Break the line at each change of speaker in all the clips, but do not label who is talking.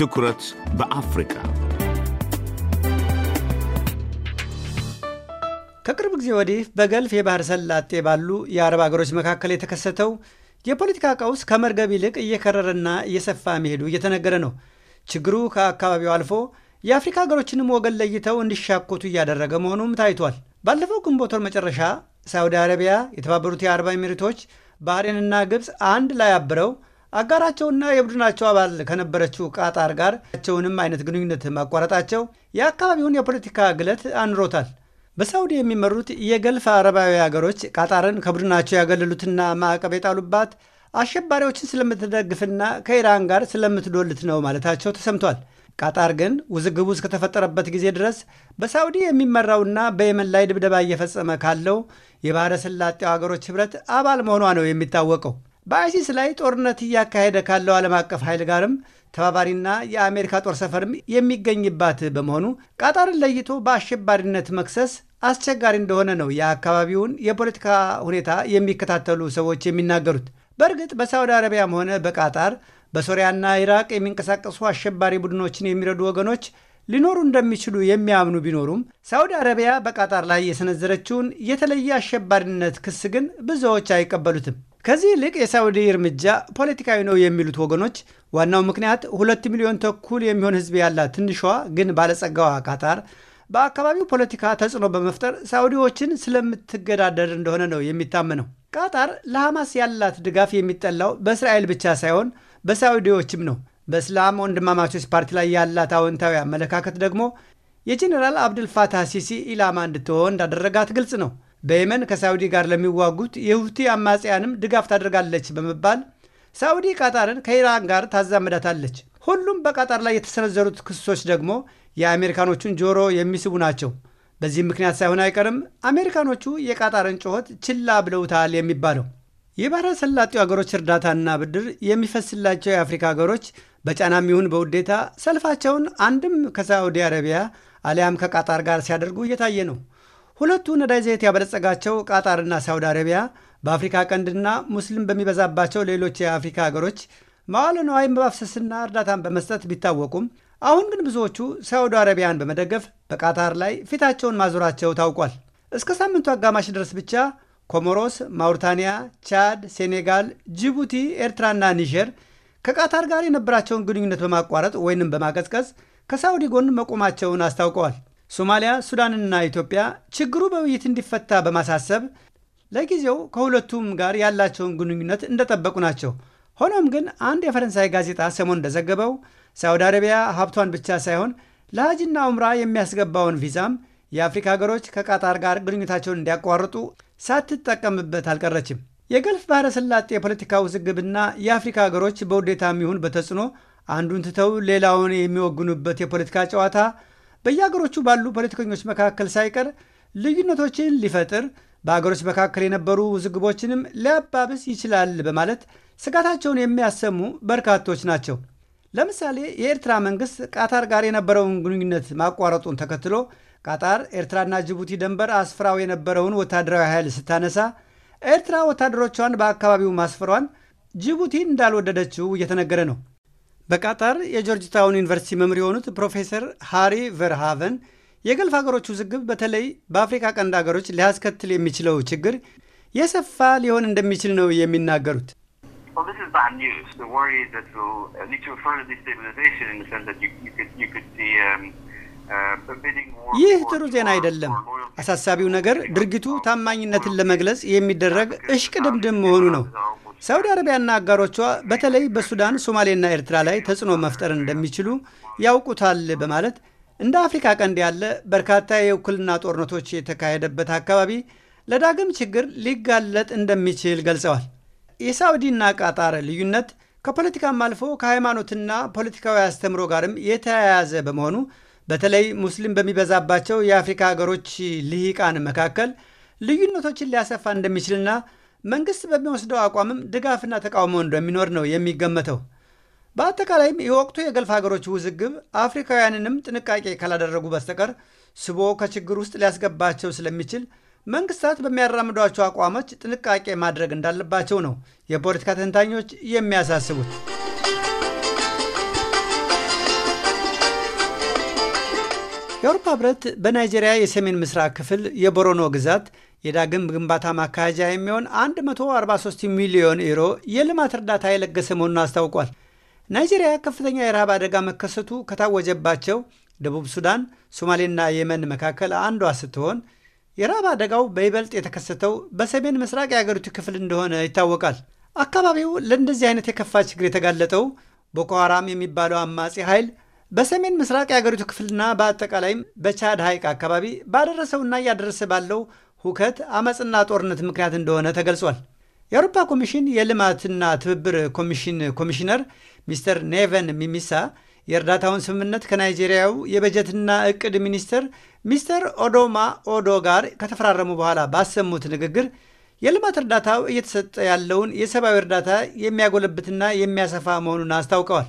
ትኩረት በአፍሪካ
ከቅርብ ጊዜ ወዲህ በገልፍ የባህር ሰላጤ ባሉ የአረብ አገሮች መካከል የተከሰተው የፖለቲካ ቀውስ ከመርገብ ይልቅ እየከረረና እየሰፋ መሄዱ እየተነገረ ነው። ችግሩ ከአካባቢው አልፎ የአፍሪካ ሀገሮችንም ወገን ለይተው እንዲሻኮቱ እያደረገ መሆኑም ታይቷል። ባለፈው ግንቦት ወር መጨረሻ ሳዑዲ አረቢያ፣ የተባበሩት የአረብ ኤሚሬቶች፣ ባህሬንና ግብፅ አንድ ላይ አብረው አጋራቸውና የቡድናቸው አባል ከነበረችው ቃጣር ጋር ቸውንም አይነት ግንኙነት ማቋረጣቸው የአካባቢውን የፖለቲካ ግለት አንሮታል። በሳውዲ የሚመሩት የገልፍ አረባዊ ሀገሮች ቃጣርን ከቡድናቸው ያገለሉትና ማዕቀብ የጣሉባት አሸባሪዎችን ስለምትደግፍና ከኢራን ጋር ስለምትዶልት ነው ማለታቸው ተሰምቷል። ቃጣር ግን ውዝግቡ እስከተፈጠረበት ጊዜ ድረስ በሳውዲ የሚመራውና በየመን ላይ ድብደባ እየፈጸመ ካለው የባህረ ሰላጤው ሀገሮች ህብረት አባል መሆኗ ነው የሚታወቀው። በአይሲስ ላይ ጦርነት እያካሄደ ካለው ዓለም አቀፍ ኃይል ጋርም ተባባሪና የአሜሪካ ጦር ሰፈርም የሚገኝባት በመሆኑ ቃጣርን ለይቶ በአሸባሪነት መክሰስ አስቸጋሪ እንደሆነ ነው የአካባቢውን የፖለቲካ ሁኔታ የሚከታተሉ ሰዎች የሚናገሩት። በእርግጥ በሳውዲ አረቢያም ሆነ በቃጣር በሶሪያና ኢራቅ የሚንቀሳቀሱ አሸባሪ ቡድኖችን የሚረዱ ወገኖች ሊኖሩ እንደሚችሉ የሚያምኑ ቢኖሩም ሳውዲ አረቢያ በቃጣር ላይ የሰነዘረችውን የተለየ አሸባሪነት ክስ ግን ብዙዎች አይቀበሉትም። ከዚህ ይልቅ የሳዑዲ እርምጃ ፖለቲካዊ ነው የሚሉት ወገኖች ዋናው ምክንያት ሁለት ሚሊዮን ተኩል የሚሆን ህዝብ ያላት ትንሿ ግን ባለጸጋዋ ካታር በአካባቢው ፖለቲካ ተጽዕኖ በመፍጠር ሳዑዲዎችን ስለምትገዳደር እንደሆነ ነው የሚታመነው። ቃጣር ለሐማስ ያላት ድጋፍ የሚጠላው በእስራኤል ብቻ ሳይሆን በሳዑዲዎችም ነው። በእስላም ወንድማማቾች ፓርቲ ላይ ያላት አዎንታዊ አመለካከት ደግሞ የጄኔራል አብድልፋታህ ሲሲ ኢላማ እንድትሆን እንዳደረጋት ግልጽ ነው። በየመን ከሳውዲ ጋር ለሚዋጉት የሁቲ አማጽያንም ድጋፍ ታደርጋለች በመባል ሳውዲ ቃጣርን ከኢራን ጋር ታዛምዳታለች። ሁሉም በቃጣር ላይ የተሰነዘሩት ክሶች ደግሞ የአሜሪካኖቹን ጆሮ የሚስቡ ናቸው። በዚህም ምክንያት ሳይሆን አይቀርም አሜሪካኖቹ የቃጣርን ጩኸት ችላ ብለውታል የሚባለው። የባህረ ሰላጤው ሀገሮች እርዳታና ብድር የሚፈስላቸው የአፍሪካ ሀገሮች በጫናም ይሁን በውዴታ ሰልፋቸውን አንድም ከሳዑዲ አረቢያ አሊያም ከቃጣር ጋር ሲያደርጉ እየታየ ነው። ሁለቱ ነዳጅ ዘይት ያበለጸጋቸው ቃጣርና ሳውዲ አረቢያ በአፍሪካ ቀንድና ሙስሊም በሚበዛባቸው ሌሎች የአፍሪካ ሀገሮች መዋለ ንዋይን በማፍሰስና እርዳታን በመስጠት ቢታወቁም አሁን ግን ብዙዎቹ ሳውዲ አረቢያን በመደገፍ በቃታር ላይ ፊታቸውን ማዞራቸው ታውቋል። እስከ ሳምንቱ አጋማሽ ድረስ ብቻ ኮሞሮስ፣ ማውሪታንያ፣ ቻድ፣ ሴኔጋል፣ ጅቡቲ፣ ኤርትራና ኒጀር ከቃታር ጋር የነበራቸውን ግንኙነት በማቋረጥ ወይንም በማቀዝቀዝ ከሳውዲ ጎን መቆማቸውን አስታውቀዋል። ሶማሊያ፣ ሱዳንና ኢትዮጵያ ችግሩ በውይይት እንዲፈታ በማሳሰብ ለጊዜው ከሁለቱም ጋር ያላቸውን ግንኙነት እንደጠበቁ ናቸው። ሆኖም ግን አንድ የፈረንሳይ ጋዜጣ ሰሞን እንደዘገበው ሳውዲ አረቢያ ሀብቷን ብቻ ሳይሆን ለሀጅና ኡምራ የሚያስገባውን ቪዛም የአፍሪካ ሀገሮች ከቃጣር ጋር ግንኙነታቸውን እንዲያቋርጡ ሳትጠቀምበት አልቀረችም። የገልፍ ባህረ ሰላጤ የፖለቲካ ውዝግብና የአፍሪካ ሀገሮች በውዴታም ይሁን በተጽዕኖ አንዱን ትተው ሌላውን የሚወግኑበት የፖለቲካ ጨዋታ በየሀገሮቹ ባሉ ፖለቲከኞች መካከል ሳይቀር ልዩነቶችን ሊፈጥር በሀገሮች መካከል የነበሩ ውዝግቦችንም ሊያባብስ ይችላል በማለት ስጋታቸውን የሚያሰሙ በርካቶች ናቸው። ለምሳሌ የኤርትራ መንግስት ቃታር ጋር የነበረውን ግንኙነት ማቋረጡን ተከትሎ ቃጣር ኤርትራና ጅቡቲ ድንበር አስፍራው የነበረውን ወታደራዊ ኃይል ስታነሳ፣ ኤርትራ ወታደሮቿን በአካባቢው ማስፈሯን ጅቡቲ እንዳልወደደችው እየተነገረ ነው። በቃጣር የጆርጅ ታውን ዩኒቨርሲቲ መምህር የሆኑት ፕሮፌሰር ሃሪ ቨርሃቨን የገልፍ ሀገሮች ውዝግብ በተለይ በአፍሪካ ቀንድ ሀገሮች ሊያስከትል የሚችለው ችግር የሰፋ ሊሆን እንደሚችል ነው የሚናገሩት። ይህ ጥሩ ዜና አይደለም። አሳሳቢው ነገር ድርጊቱ ታማኝነትን ለመግለጽ የሚደረግ እሽቅድምድም መሆኑ ነው። ሳውዲ አረቢያና አጋሮቿ በተለይ በሱዳን ሶማሌና ኤርትራ ላይ ተጽዕኖ መፍጠር እንደሚችሉ ያውቁታል በማለት እንደ አፍሪካ ቀንድ ያለ በርካታ የውክልና ጦርነቶች የተካሄደበት አካባቢ ለዳግም ችግር ሊጋለጥ እንደሚችል ገልጸዋል። የሳውዲና ቃጣር ልዩነት ከፖለቲካም አልፎ ከሃይማኖትና ፖለቲካዊ አስተምሮ ጋርም የተያያዘ በመሆኑ በተለይ ሙስሊም በሚበዛባቸው የአፍሪካ ሀገሮች ልሂቃን መካከል ልዩነቶችን ሊያሰፋ እንደሚችልና መንግስት በሚወስደው አቋምም ድጋፍና ተቃውሞ እንደሚኖር ነው የሚገመተው። በአጠቃላይም የወቅቱ የገልፍ ሀገሮች ውዝግብ አፍሪካውያንንም ጥንቃቄ ካላደረጉ በስተቀር ስቦ ከችግር ውስጥ ሊያስገባቸው ስለሚችል መንግስታት በሚያራምዷቸው አቋሞች ጥንቃቄ ማድረግ እንዳለባቸው ነው የፖለቲካ ተንታኞች የሚያሳስቡት። የአውሮፓ ህብረት በናይጄሪያ የሰሜን ምስራቅ ክፍል የቦሮኖ ግዛት የዳግም ግንባታ ማካሄጃ የሚሆን 143 ሚሊዮን ዩሮ የልማት እርዳታ የለገሰ መሆኑን አስታውቋል። ናይጄሪያ ከፍተኛ የረሃብ አደጋ መከሰቱ ከታወጀባቸው ደቡብ ሱዳን፣ ሶማሌና የመን መካከል አንዷ ስትሆን የረሃብ አደጋው በይበልጥ የተከሰተው በሰሜን ምስራቅ የአገሪቱ ክፍል እንደሆነ ይታወቃል። አካባቢው ለእንደዚህ አይነት የከፋ ችግር የተጋለጠው ቦኮ ሐራም የሚባለው አማጺ ኃይል በሰሜን ምስራቅ የአገሪቱ ክፍልና በአጠቃላይም በቻድ ሐይቅ አካባቢ ባደረሰውና እያደረሰ ባለው ሁከት አመፅና ጦርነት ምክንያት እንደሆነ ተገልጿል። የአውሮፓ ኮሚሽን የልማትና ትብብር ኮሚሽን ኮሚሽነር ሚስተር ኔቨን ሚሚሳ የእርዳታውን ስምምነት ከናይጄሪያው የበጀትና እቅድ ሚኒስትር ሚስተር ኦዶማ ኦዶ ጋር ከተፈራረሙ በኋላ ባሰሙት ንግግር የልማት እርዳታው እየተሰጠ ያለውን የሰብአዊ እርዳታ የሚያጎለብትና የሚያሰፋ መሆኑን አስታውቀዋል።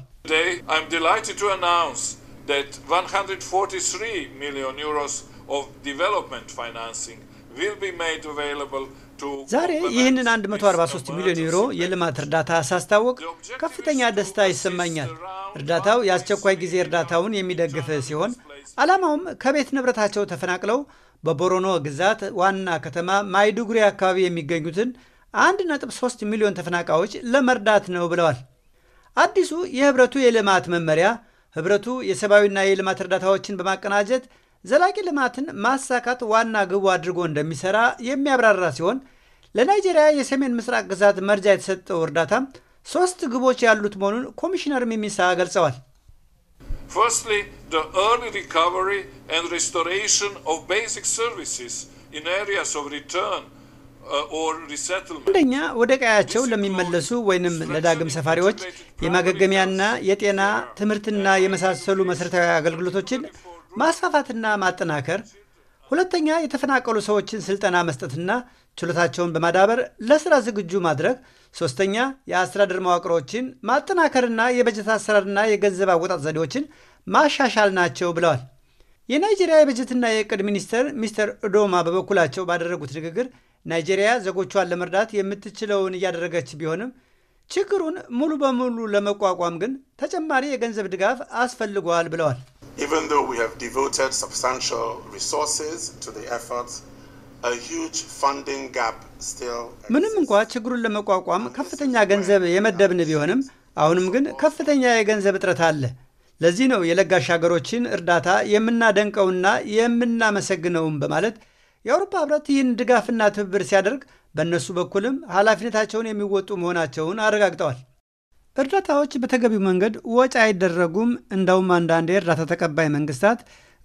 ዩሮስ ኦፍ ዲቨሎፕመንት ፋይናንሲንግ ዛሬ
ይህንን 143 ሚሊዮን ዩሮ የልማት እርዳታ ሳስታወቅ ከፍተኛ ደስታ ይሰማኛል። እርዳታው የአስቸኳይ ጊዜ እርዳታውን የሚደግፍ ሲሆን ዓላማውም ከቤት ንብረታቸው ተፈናቅለው በቦሮኖ ግዛት ዋና ከተማ ማይዱጉሪ አካባቢ የሚገኙትን 1.3 ሚሊዮን ተፈናቃዮች ለመርዳት ነው ብለዋል። አዲሱ የህብረቱ የልማት መመሪያ ህብረቱ የሰብአዊና የልማት እርዳታዎችን በማቀናጀት ዘላቂ ልማትን ማሳካት ዋና ግቡ አድርጎ እንደሚሰራ የሚያብራራ ሲሆን ለናይጄሪያ የሰሜን ምስራቅ ግዛት መርጃ የተሰጠው እርዳታ ሶስት ግቦች ያሉት መሆኑን ኮሚሽነር ሚሚሳ ገልጸዋል። uh, አንደኛ ወደ ቀያቸው ለሚመለሱ ወይንም ለዳግም ሰፋሪዎች የማገገሚያና የጤና ትምህርትና የመሳሰሉ መሠረታዊ አገልግሎቶችን ማስፋፋትና ማጠናከር፣ ሁለተኛ የተፈናቀሉ ሰዎችን ስልጠና መስጠትና ችሎታቸውን በማዳበር ለስራ ዝግጁ ማድረግ፣ ሶስተኛ የአስተዳደር መዋቅሮችን ማጠናከርና የበጀት አሰራርና የገንዘብ አወጣት ዘዴዎችን ማሻሻል ናቸው ብለዋል። የናይጄሪያ የበጀትና የእቅድ ሚኒስትር ሚስተር ዶማ በበኩላቸው ባደረጉት ንግግር ናይጄሪያ ዜጎቿን ለመርዳት የምትችለውን እያደረገች ቢሆንም ችግሩን ሙሉ በሙሉ ለመቋቋም ግን ተጨማሪ የገንዘብ ድጋፍ አስፈልጓል ብለዋል። Even though
we have devoted substantial resources to the efforts, a huge
funding gap still ምንም እንኳ ችግሩን ለመቋቋም ከፍተኛ ገንዘብ የመደብን ቢሆንም አሁንም ግን ከፍተኛ የገንዘብ እጥረት አለ። ለዚህ ነው የለጋሽ ሀገሮችን እርዳታ የምናደንቀውና የምናመሰግነውም በማለት የአውሮፓ ህብረት ይህን ድጋፍና ትብብር ሲያደርግ በእነሱ በኩልም ኃላፊነታቸውን የሚወጡ መሆናቸውን አረጋግጠዋል። እርዳታዎች በተገቢው መንገድ ወጪ አይደረጉም። እንደውም አንዳንድ የእርዳታ ተቀባይ መንግስታት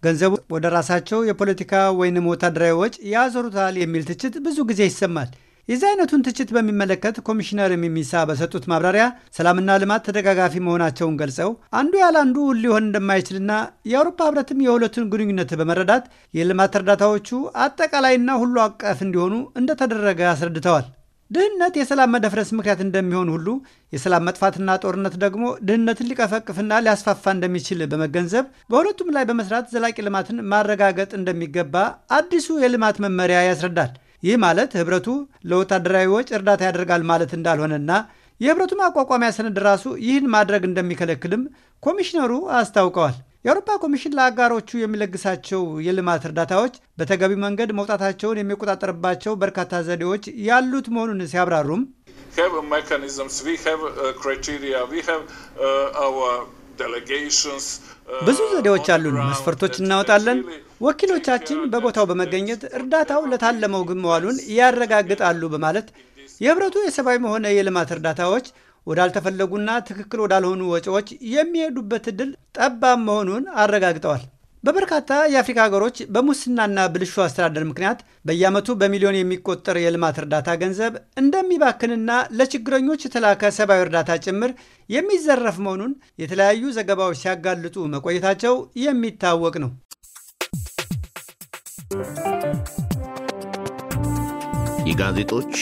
ገንዘቡ ወደ ራሳቸው የፖለቲካ ወይንም ወታደራዊ ወጪ ያዞሩታል የሚል ትችት ብዙ ጊዜ ይሰማል። የዚህ አይነቱን ትችት በሚመለከት ኮሚሽነር ሚሚሳ በሰጡት ማብራሪያ ሰላምና ልማት ተደጋጋፊ መሆናቸውን ገልጸው አንዱ ያለ አንዱ ሊሆን እንደማይችልና የአውሮፓ ህብረትም የሁለቱን ግንኙነት በመረዳት የልማት እርዳታዎቹ አጠቃላይና ሁሉ አቀፍ እንዲሆኑ እንደተደረገ አስረድተዋል። ድህነት የሰላም መደፍረስ ምክንያት እንደሚሆን ሁሉ የሰላም መጥፋትና ጦርነት ደግሞ ድህነትን ሊቀፈቅፍና ሊያስፋፋ እንደሚችል በመገንዘብ በሁለቱም ላይ በመስራት ዘላቂ ልማትን ማረጋገጥ እንደሚገባ አዲሱ የልማት መመሪያ ያስረዳል። ይህ ማለት ህብረቱ ለወታደራዊ ወጪ እርዳታ ያደርጋል ማለት እንዳልሆነና የህብረቱ ማቋቋሚያ ሰነድ ራሱ ይህን ማድረግ እንደሚከለክልም ኮሚሽነሩ አስታውቀዋል። የአውሮፓ ኮሚሽን ለአጋሮቹ የሚለግሳቸው የልማት እርዳታዎች በተገቢ መንገድ መውጣታቸውን የሚቆጣጠርባቸው በርካታ ዘዴዎች ያሉት መሆኑን ሲያብራሩም
uh,
uh, ብዙ ዘዴዎች አሉን፣ መስፈርቶች እናወጣለን። ወኪሎቻችን በቦታው በመገኘት እርዳታው ለታለመው ግን መዋሉን ያረጋግጣሉ በማለት የህብረቱ የሰብአዊም ሆነ የልማት እርዳታዎች ወዳልተፈለጉና ትክክል ወዳልሆኑ ወጪዎች የሚሄዱበት እድል ጠባብ መሆኑን አረጋግጠዋል። በበርካታ የአፍሪካ ሀገሮች በሙስናና ብልሹ አስተዳደር ምክንያት በየዓመቱ በሚሊዮን የሚቆጠር የልማት እርዳታ ገንዘብ እንደሚባክንና ለችግረኞች የተላከ ሰብአዊ እርዳታ ጭምር የሚዘረፍ መሆኑን የተለያዩ ዘገባዎች ሲያጋልጡ መቆየታቸው የሚታወቅ ነው።
የጋዜጦች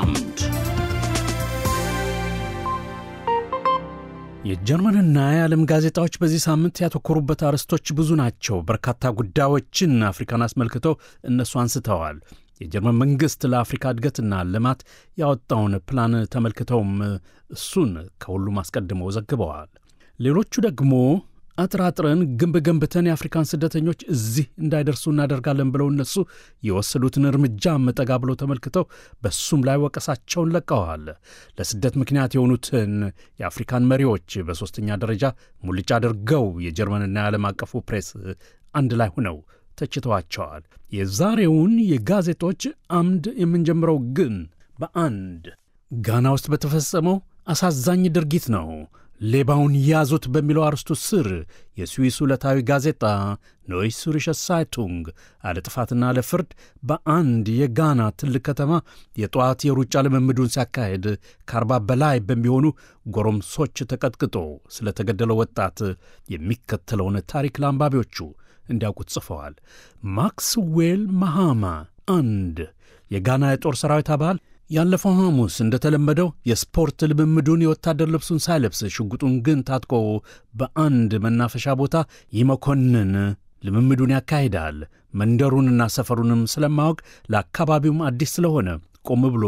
አምድ የጀርመንና የዓለም ጋዜጣዎች በዚህ ሳምንት ያተኮሩበት አርዕስቶች ብዙ ናቸው። በርካታ ጉዳዮችን አፍሪካን አስመልክተው እነሱ አንስተዋል። የጀርመን መንግሥት ለአፍሪካ እድገትና ልማት ያወጣውን ፕላን ተመልክተውም እሱን ከሁሉም አስቀድመው ዘግበዋል። ሌሎቹ ደግሞ አጥራጥረን ግንብ ገንብተን የአፍሪካን ስደተኞች እዚህ እንዳይደርሱ እናደርጋለን ብለው እነሱ የወሰዱትን እርምጃ መጠጋ ብሎ ተመልክተው በሱም ላይ ወቀሳቸውን ለቀዋል። ለስደት ምክንያት የሆኑትን የአፍሪካን መሪዎች በሦስተኛ ደረጃ ሙልጭ አድርገው የጀርመንና የዓለም አቀፉ ፕሬስ አንድ ላይ ሆነው ተችተዋቸዋል። የዛሬውን የጋዜጦች አምድ የምንጀምረው ግን በአንድ ጋና ውስጥ በተፈጸመው አሳዛኝ ድርጊት ነው። ሌባውን ያዙት በሚለው አርስቱ ስር የስዊስ ዕለታዊ ጋዜጣ ኖይ አለጥፋትና ሳይቱንግ በአንድ የጋና ትልቅ ከተማ የጠዋት የሩጫ ልምምዱን ሲያካሄድ ከአርባ በላይ በሚሆኑ ጎረምሶች ተቀጥቅጦ ስለተገደለው ወጣት የሚከተለውን ታሪክ ለአንባቢዎቹ እንዲያውቁት ጽፈዋል። ማክስዌል ማሃማ አንድ የጋና የጦር ሰራዊት አባል ያለፈው ሐሙስ እንደተለመደው የስፖርት ልምምዱን የወታደር ልብሱን ሳይለብስ ሽጉጡን ግን ታጥቆ በአንድ መናፈሻ ቦታ ይመኮንን ልምምዱን ያካሂዳል። መንደሩንና ሰፈሩንም ስለማወቅ ለአካባቢውም አዲስ ስለሆነ ቆም ብሎ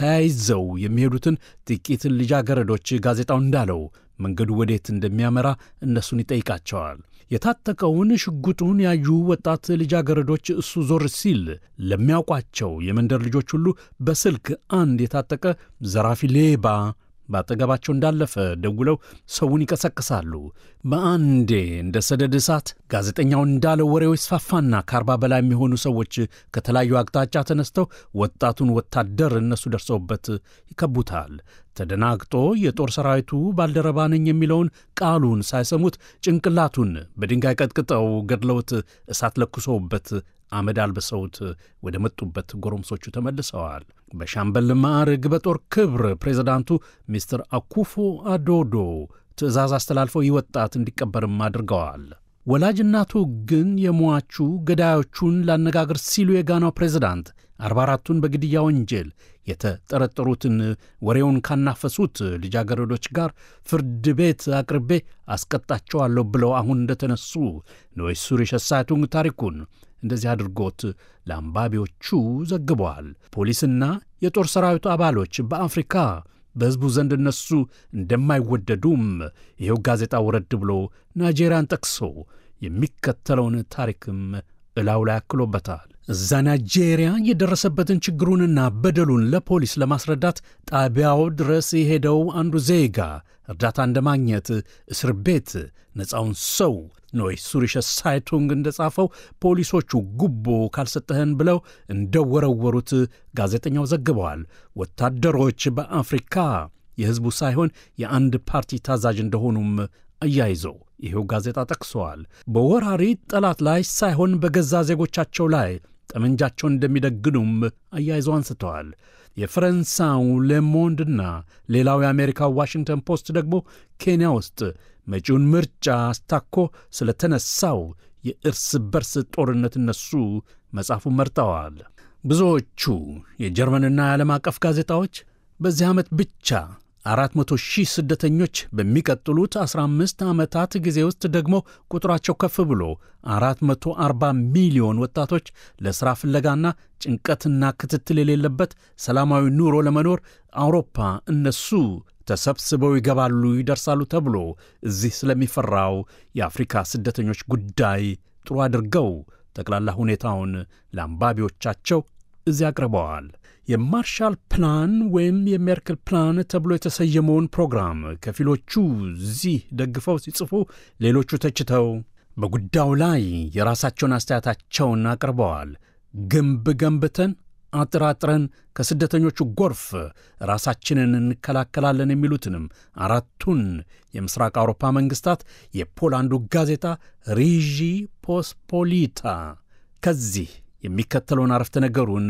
ተያይዘው የሚሄዱትን ጥቂት ልጃገረዶች ጋዜጣው እንዳለው መንገዱ ወዴት እንደሚያመራ እነሱን ይጠይቃቸዋል። የታጠቀውን ሽጉጡን ያዩ ወጣት ልጃገረዶች እሱ ዞር ሲል ለሚያውቋቸው የመንደር ልጆች ሁሉ በስልክ አንድ የታጠቀ ዘራፊ ሌባ በአጠገባቸው እንዳለፈ ደውለው ሰውን ይቀሰቅሳሉ። በአንዴ እንደ ሰደድ እሳት ጋዜጠኛው እንዳለው ወሬው ይስፋፋና ከአርባ በላይ የሚሆኑ ሰዎች ከተለያዩ አቅጣጫ ተነስተው ወጣቱን ወታደር እነሱ ደርሰውበት ይከቡታል። ተደናግጦ የጦር ሰራዊቱ ባልደረባ ነኝ የሚለውን ቃሉን ሳይሰሙት ጭንቅላቱን በድንጋይ ቀጥቅጠው ገድለውት እሳት ለኩሰውበት አመድ አልብሰውት ወደ መጡበት ጎረምሶቹ ተመልሰዋል። በሻምበል ማዕረግ በጦር ክብር ፕሬዚዳንቱ ሚስተር አኩፎ አዶዶ ትዕዛዝ አስተላልፈው ይህ ወጣት እንዲቀበርም አድርገዋል። ወላጅ እናቱ ግን የሟቹ ገዳዮቹን ላነጋግር ሲሉ የጋናው ፕሬዚዳንት አርባ አራቱን በግድያ ወንጀል የተጠረጠሩትን ወሬውን ካናፈሱት ልጃገረዶች ጋር ፍርድ ቤት አቅርቤ አስቀጣቸዋለሁ ብለው አሁን እንደተነሱ ኖይሱር የሸሳቱን ታሪኩን እንደዚህ አድርጎት ለአንባቢዎቹ ዘግበዋል። ፖሊስና የጦር ሰራዊቱ አባሎች በአፍሪካ በሕዝቡ ዘንድ እነሱ እንደማይወደዱም ይኸው ጋዜጣ ወረድ ብሎ ናይጄሪያን ጠቅሶ የሚከተለውን ታሪክም እላው ላይ አክሎበታል። እዛ ናይጄሪያ የደረሰበትን ችግሩንና በደሉን ለፖሊስ ለማስረዳት ጣቢያው ድረስ የሄደው አንዱ ዜጋ እርዳታ እንደማግኘት እስር ቤት ነፃውን ሰው ኖይ ሱሪሸ ሳይቱንግ እንደጻፈው ፖሊሶቹ ጉቦ ካልሰጠህን ብለው እንደወረወሩት ጋዜጠኛው ዘግበዋል። ወታደሮች በአፍሪካ የሕዝቡ ሳይሆን የአንድ ፓርቲ ታዛዥ እንደሆኑም አያይዘው ይኸው ጋዜጣ ጠቅሰዋል። በወራሪ ጠላት ላይ ሳይሆን በገዛ ዜጎቻቸው ላይ ጠመንጃቸውን እንደሚደግኑም አያይዘው አንስተዋል። የፈረንሳው ሌሞንድና ሌላው የአሜሪካው ዋሽንግተን ፖስት ደግሞ ኬንያ ውስጥ መጪውን ምርጫ አስታኮ ስለ ተነሳው የእርስ በርስ ጦርነት እነሱ መጻፉን መርጠዋል። ብዙዎቹ የጀርመንና የዓለም አቀፍ ጋዜጣዎች በዚህ ዓመት ብቻ 400 ሺህ ስደተኞች በሚቀጥሉት 15 ዓመታት ጊዜ ውስጥ ደግሞ ቁጥራቸው ከፍ ብሎ 440 ሚሊዮን ወጣቶች ለሥራ ፍለጋና ጭንቀትና ክትትል የሌለበት ሰላማዊ ኑሮ ለመኖር አውሮፓ እነሱ ተሰብስበው ይገባሉ ይደርሳሉ ተብሎ እዚህ ስለሚፈራው የአፍሪካ ስደተኞች ጉዳይ ጥሩ አድርገው ጠቅላላ ሁኔታውን ለአንባቢዎቻቸው እዚህ አቅርበዋል። የማርሻል ፕላን ወይም የሜርክል ፕላን ተብሎ የተሰየመውን ፕሮግራም ከፊሎቹ እዚህ ደግፈው ሲጽፉ፣ ሌሎቹ ተችተው በጉዳዩ ላይ የራሳቸውን አስተያየታቸውን አቅርበዋል። ግንብ ገንብተን አጥራጥረን ከስደተኞቹ ጎርፍ ራሳችንን እንከላከላለን የሚሉትንም አራቱን የምስራቅ አውሮፓ መንግሥታት የፖላንዱ ጋዜጣ ሪዢ ፖስፖሊታ ከዚህ የሚከተለውን አረፍተ ነገሩን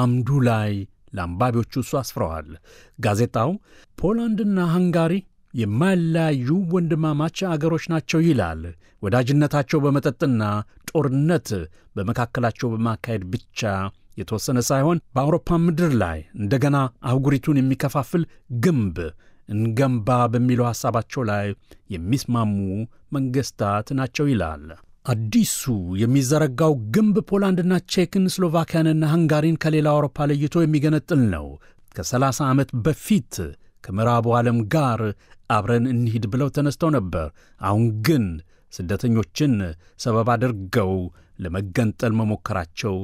አምዱ ላይ ለአንባቢዎቹ እሱ አስፍረዋል። ጋዜጣው ፖላንድና ሃንጋሪ የማይለያዩ ወንድማማች አገሮች ናቸው ይላል። ወዳጅነታቸው በመጠጥና ጦርነት በመካከላቸው በማካሄድ ብቻ የተወሰነ ሳይሆን በአውሮፓ ምድር ላይ እንደገና አህጉሪቱን የሚከፋፍል ግንብ እንገንባ በሚለው ሐሳባቸው ላይ የሚስማሙ መንግሥታት ናቸው ይላል። አዲሱ የሚዘረጋው ግንብ ፖላንድና ቼክን፣ ስሎቫኪያንና ሃንጋሪን ከሌላ አውሮፓ ለይቶ የሚገነጥል ነው። ከሰላሳ ዓመት በፊት ከምዕራቡ ዓለም ጋር አብረን እንሂድ ብለው ተነስተው ነበር። አሁን ግን ስደተኞችን ሰበብ አድርገው ለመገንጠል መሞከራቸው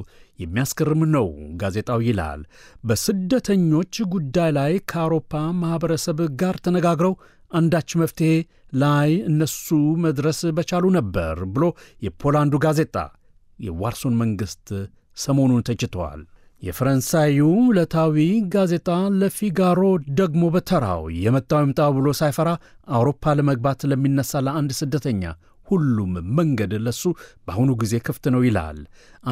የሚያስገርም ነው፣ ጋዜጣው ይላል። በስደተኞች ጉዳይ ላይ ከአውሮፓ ማኅበረሰብ ጋር ተነጋግረው አንዳች መፍትሔ ላይ እነሱ መድረስ በቻሉ ነበር ብሎ የፖላንዱ ጋዜጣ የዋርሶን መንግሥት ሰሞኑን ተችተዋል። የፈረንሳዩ ዕለታዊ ጋዜጣ ለፊጋሮ ደግሞ በተራው የመጣው ይምጣ ብሎ ሳይፈራ አውሮፓ ለመግባት ለሚነሳ ለአንድ ስደተኛ ሁሉም መንገድ ለሱ በአሁኑ ጊዜ ክፍት ነው ይላል።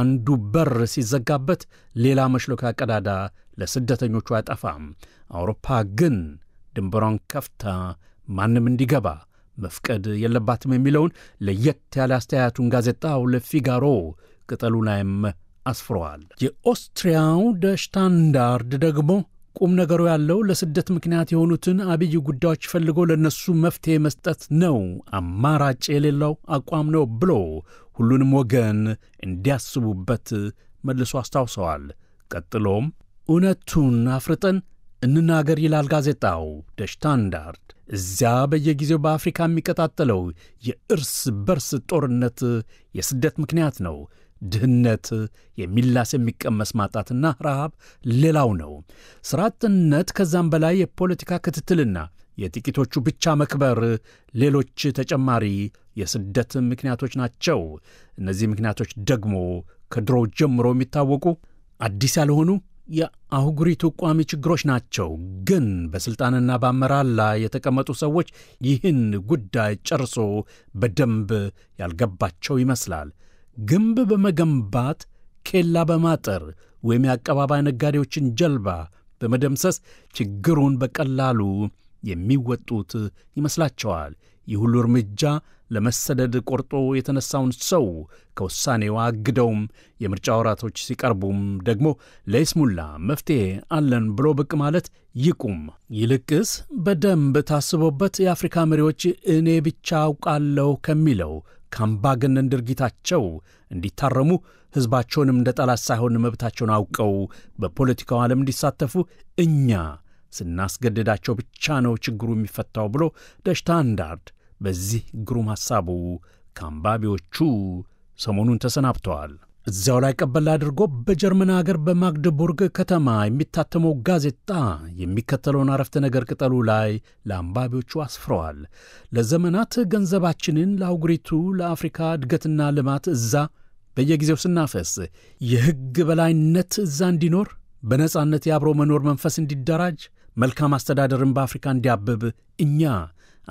አንዱ በር ሲዘጋበት ሌላ መሽሎካ ቀዳዳ ለስደተኞቹ አይጠፋም። አውሮፓ ግን ድንበሯን ከፍታ ማንም እንዲገባ መፍቀድ የለባትም የሚለውን ለየት ያለ አስተያየቱን ጋዜጣው ለፊጋሮ ቅጠሉ ላይም አስፍረዋል። የኦስትሪያው ደ ሽታንዳርድ ደግሞ ቁም ነገሩ ያለው ለስደት ምክንያት የሆኑትን አብይ ጉዳዮች ፈልጎ ለእነሱ መፍትሔ መስጠት ነው፣ አማራጭ የሌለው አቋም ነው ብሎ ሁሉንም ወገን እንዲያስቡበት መልሶ አስታውሰዋል። ቀጥሎም እውነቱን አፍርጠን እንናገር ይላል ጋዜጣው ደሽታንዳርድ። እዚያ በየጊዜው በአፍሪካ የሚቀጣጠለው የእርስ በርስ ጦርነት የስደት ምክንያት ነው። ድህነት፣ የሚላስ የሚቀመስ ማጣትና ረሃብ ሌላው ነው። ሥራ ከዛም በላይ የፖለቲካ ክትትልና የጥቂቶቹ ብቻ መክበር ሌሎች ተጨማሪ የስደት ምክንያቶች ናቸው። እነዚህ ምክንያቶች ደግሞ ከድሮ ጀምሮ የሚታወቁ አዲስ ያልሆኑ የአህጉሪቱ ቋሚ ችግሮች ናቸው። ግን በሥልጣንና በአመራር ላይ የተቀመጡ ሰዎች ይህን ጉዳይ ጨርሶ በደንብ ያልገባቸው ይመስላል። ግንብ በመገንባት ኬላ በማጠር ወይም የአቀባባይ ነጋዴዎችን ጀልባ በመደምሰስ ችግሩን በቀላሉ የሚወጡት ይመስላቸዋል። ይህ ሁሉ እርምጃ ለመሰደድ ቆርጦ የተነሳውን ሰው ከውሳኔው አግደውም የምርጫ ወራቶች ሲቀርቡም ደግሞ ለይስሙላ መፍትሄ አለን ብሎ ብቅ ማለት ይቁም። ይልቅስ በደንብ ታስቦበት የአፍሪካ መሪዎች እኔ ብቻ አውቃለሁ ከሚለው ከአምባገነን ድርጊታቸው እንዲታረሙ ሕዝባቸውንም እንደ ጠላት ሳይሆን መብታቸውን አውቀው በፖለቲካው ዓለም እንዲሳተፉ እኛ ስናስገድዳቸው ብቻ ነው ችግሩ የሚፈታው ብሎ ደሽታ በዚህ ግሩም ሐሳቡ ከአንባቢዎቹ ሰሞኑን ተሰናብተዋል። እዚያው ላይ ቀበል አድርጎ በጀርመን አገር በማግደቡርግ ከተማ የሚታተመው ጋዜጣ የሚከተለውን አረፍተ ነገር ቅጠሉ ላይ ለአንባቢዎቹ አስፍረዋል። ለዘመናት ገንዘባችንን ለአህጉሪቱ ለአፍሪካ እድገትና ልማት እዛ በየጊዜው ስናፈስ የሕግ በላይነት እዛ እንዲኖር በነጻነት የአብሮ መኖር መንፈስ እንዲደራጅ መልካም አስተዳደርን በአፍሪካ እንዲያብብ እኛ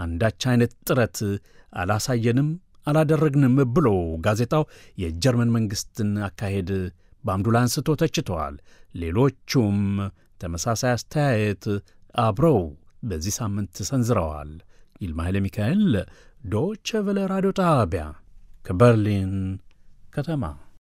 አንዳች አይነት ጥረት አላሳየንም፣ አላደረግንም ብሎ ጋዜጣው የጀርመን መንግሥትን አካሄድ በአምዱላ አንስቶ ተችተዋል። ሌሎቹም ተመሳሳይ አስተያየት አብረው በዚህ ሳምንት ሰንዝረዋል። ይልማ ኃይለ ሚካኤል ዶቸ ቨለ ራዲዮ ጣቢያ ከበርሊን ከተማ